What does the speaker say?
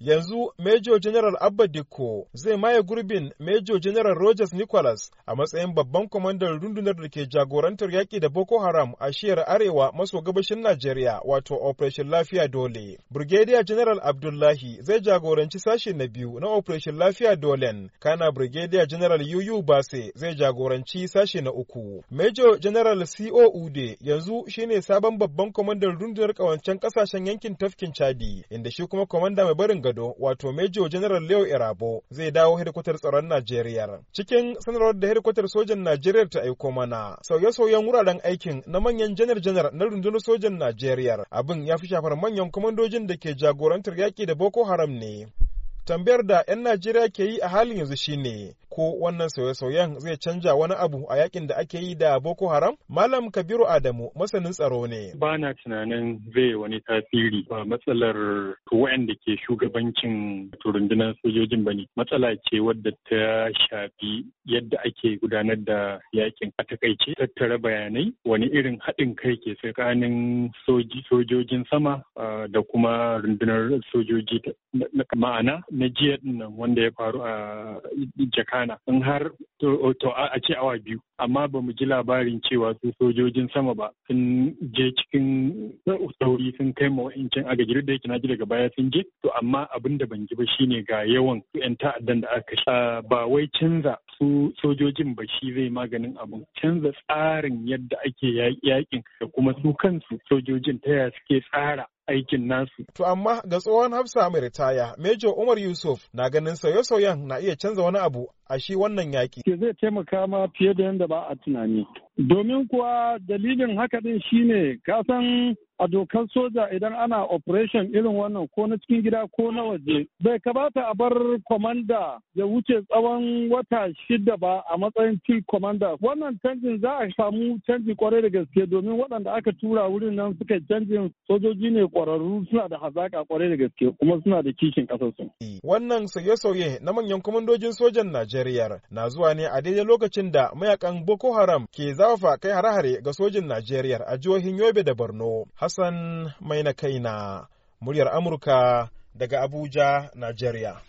Yanzu Major General Abba Dikko zai maye gurbin Major General Rogers Nicholas a matsayin babban kwamandan rundunar da ke jagorantar yaƙi da Boko Haram a shiyar arewa maso gabashin Najeriya wato Operation Lafiya Dole. Brigadier General Abdullahi zai jagoranci sashe na biyu na Operation Lafiya Dolen, kana Brigadier General Yuyu Base zai jagoranci sashe na uku. Major General CO Ude yanzu shine sabon babban kwamandan rundunar ƙawancen ƙasashen yankin tafkin Chadi, inda shi kuma kwamanda mai barin gado wato Major General Leo Irabo zai dawo hedikwatar tsaron Najeriya. Cikin sanarwar da hedikwatar sojan Najeriya ta aiko mana sauye-sauyen wuraren aikin na manyan janar-janar na rundunar sojan Najeriya abin ya fi shafar manyan kwamandojin da ke jagorantar yaƙi da Boko Haram ne. Tambayar da 'yan Najeriya ke yi a halin yanzu shine ko wannan sauye-sauyen zai canja wani abu a yakin da ake yi da Boko Haram? Malam Kabiru Adamu masanin tsaro ne. Ba na tunanin zai wani tasiri ba matsalar da ke shugabancin rundunar sojojin ba ne. Matsala ce wadda ta shafi yadda ake gudanar da yakin a takaice tattara bayanai wani irin haɗin kai ke tsakanin sojojin sama da kuma rundunar sojoji ma'ana na jiya wanda ya faru a jakana magana in har to a ce awa biyu amma ba mu ji labarin cewa su sojojin sama ba sun je cikin sauri sun kai ma wa'incin agajiru da yake na ji daga baya sun je to amma abin da ban ji ba shine ga yawan 'yan ta'addan da aka sha ba wai canza su sojojin ba shi zai maganin abin canza tsarin yadda ake yakin da kuma su kansu sojojin ta yaya suke tsara aikin nasu. To amma ga tsohon hafsa mai ritaya, Major Umar Yusuf na ganin sauye-sauyen na iya canza wani abu a shi wannan yaki. Ke zai taimaka ma fiye da yadda ba a tunani. Domin kuwa dalilin haka din shine kasan a dokar soja idan ana operation irin wannan ko na cikin gida ko na waje bai kamata a bar kwamanda ya wuce tsawon wata shidda ba a matsayin team commander wannan canjin za a samu canji kwarai da gaske domin waɗanda aka tura wurin nan suka canjin sojoji ne kwararru suna da hazaka kwarai da gaske kuma suna da kishin su. wannan sauye-sauye na manyan kwamandojin sojan najeriya na zuwa ne a daidai lokacin da mayakan boko haram ke zafafa kai hare-hare ga sojin najeriya a jihohin yobe da borno hassan mai na kaina muryar amurka daga abuja najeriya